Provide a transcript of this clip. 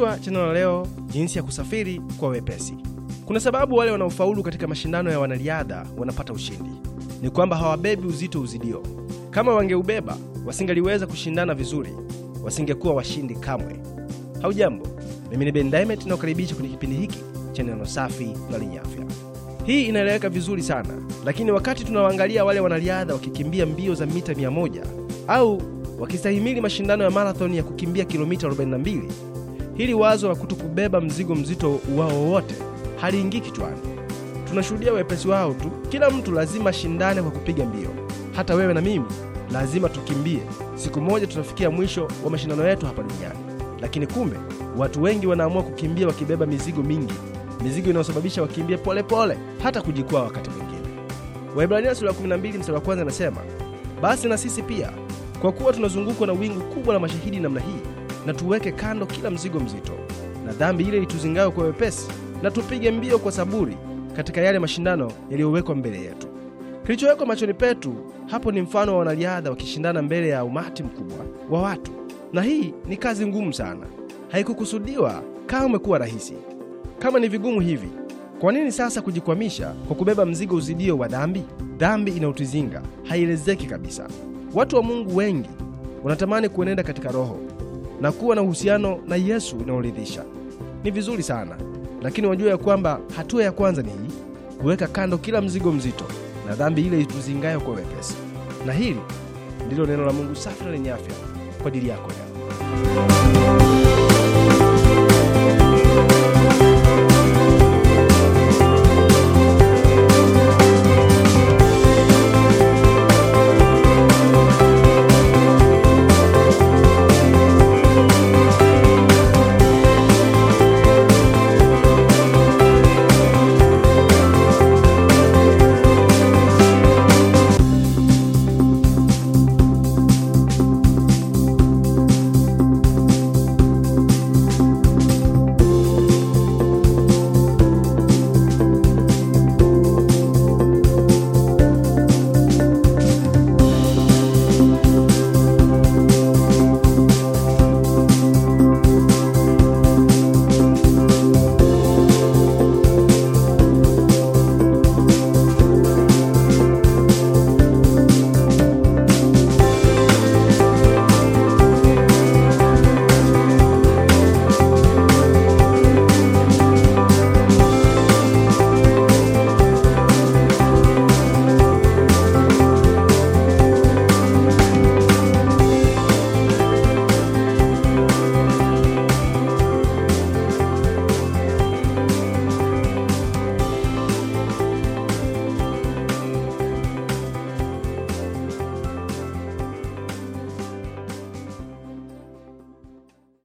Kichwa cha neno la leo: jinsi ya kusafiri kwa wepesi. Kuna sababu wale wanaofaulu katika mashindano ya wanariadha wanapata ushindi, ni kwamba hawabebi uzito uzidio. Kama wangeubeba wasingaliweza kushindana vizuri, wasingekuwa washindi kamwe. Haujambo, mimi ni Ben Diamond nakukaribisha kwenye kipindi hiki cha neno safi na lenye afya. Hii inaeleweka vizuri sana, lakini wakati tunawaangalia wale wanariadha wakikimbia mbio za mita 100 au wakistahimili mashindano ya marathoni ya kukimbia kilomita 42 Hili wazo la kutokubeba mzigo mzito wao wote haliingii kichwani. Tunashuhudia wepesi wao tu. Kila mtu lazima shindane kwa kupiga mbio. Hata wewe na mimi lazima tukimbie. Siku moja tutafikia mwisho wa mashindano yetu hapa duniani. Lakini kumbe watu wengi wanaamua kukimbia wakibeba mizigo mingi, mizigo inayosababisha wakimbie polepole pole, hata kujikwaa wakati mwingine. Waibrania sura ya 12 mstari wa kwanza inasema, basi na sisi pia kwa kuwa tunazungukwa na wingu kubwa la mashahidi namna hii na tuweke kando kila mzigo mzito na dhambi ile ituzingayo kwa wepesi, na tupige mbio kwa saburi katika yale mashindano yaliyowekwa mbele yetu. Kilichowekwa machoni petu hapo ni mfano wa wanariadha wakishindana mbele ya umati mkubwa wa watu, na hii ni kazi ngumu sana, haikukusudiwa kamwe kuwa rahisi. Kama ni vigumu hivi, kwa nini sasa kujikwamisha kwa kubeba mzigo uzidio wa dhambi? Dhambi inautuzinga haielezeki kabisa. Watu wa Mungu wengi wanatamani kuenenda katika roho na kuwa na uhusiano na Yesu unaoridhisha. Ni vizuri sana, lakini wajua ya kwamba hatua ya kwanza ni hii, kuweka kando kila mzigo mzito na dhambi ile ituzingayo kwa wepesi. Na hili ndilo neno la Mungu safi na lenye afya kwa ajili yako leo.